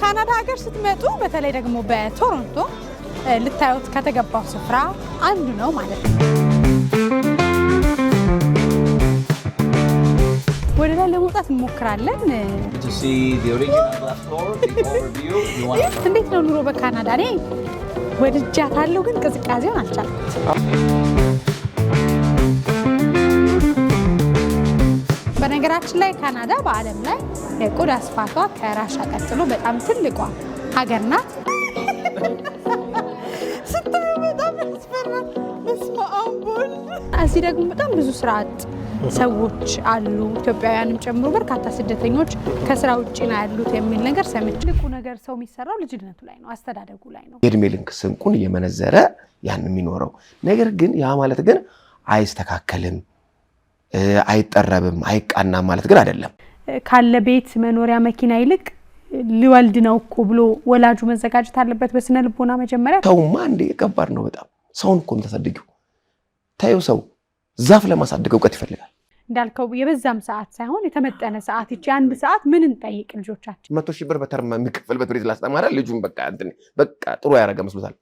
ካናዳ ሀገር ስትመጡ በተለይ ደግሞ በቶሮንቶ ልታዩት ከተገባው ስፍራ አንዱ ነው ማለት ነው። ወደ ላይ ለመውጣት እንሞክራለን። እንዴት ነው ኑሮ በካናዳ? እኔ ወድጃታለሁ፣ ግን ቅዝቃዜውን አልቻለት። በነገራችን ላይ ካናዳ በዓለም ላይ የቆዳ ስፋቷ ከራሻ ቀጥሎ በጣም ትልቋ ሀገር ናት። ስታዩ በጣም በስመ አብ። እዚህ ደግሞ በጣም ብዙ ስራ አጥ ሰዎች አሉ፣ ኢትዮጵያውያንም ጨምሮ በርካታ ስደተኞች ከስራ ውጭ ነው ያሉት የሚል ነገር ሰምቼ ትልቁ ነገር ሰው የሚሰራው ልጅነቱ ላይ ነው፣ አስተዳደጉ ላይ ነው። የእድሜ ልክ ስንቁን እየመነዘረ ያን የሚኖረው ነገር ግን ያ ማለት ግን አይስተካከልም አይጠረብም አይቃና ማለት ግን አይደለም። ካለ ቤት መኖሪያ መኪና ይልቅ ሊወልድ ነው እኮ ብሎ ወላጁ መዘጋጀት አለበት። በስነ ልቦና መጀመሪያ ተውማ እንዴ ከባድ ነው በጣም ሰውን እኮ የምታሳድጊው ታየው። ሰው ዛፍ ለማሳደግ እውቀት ይፈልጋል እንዳልከው የበዛም ሰዓት ሳይሆን የተመጠነ ሰዓት። ይቺ አንድ ሰዓት ምን እንጠይቅ ልጆቻችን። መቶ ሺህ ብር በተርማ የሚከፈልበት ቤት ላስጠማራ ልጁን በቃ በቃ ጥሩ ያደረገ መስሎታል።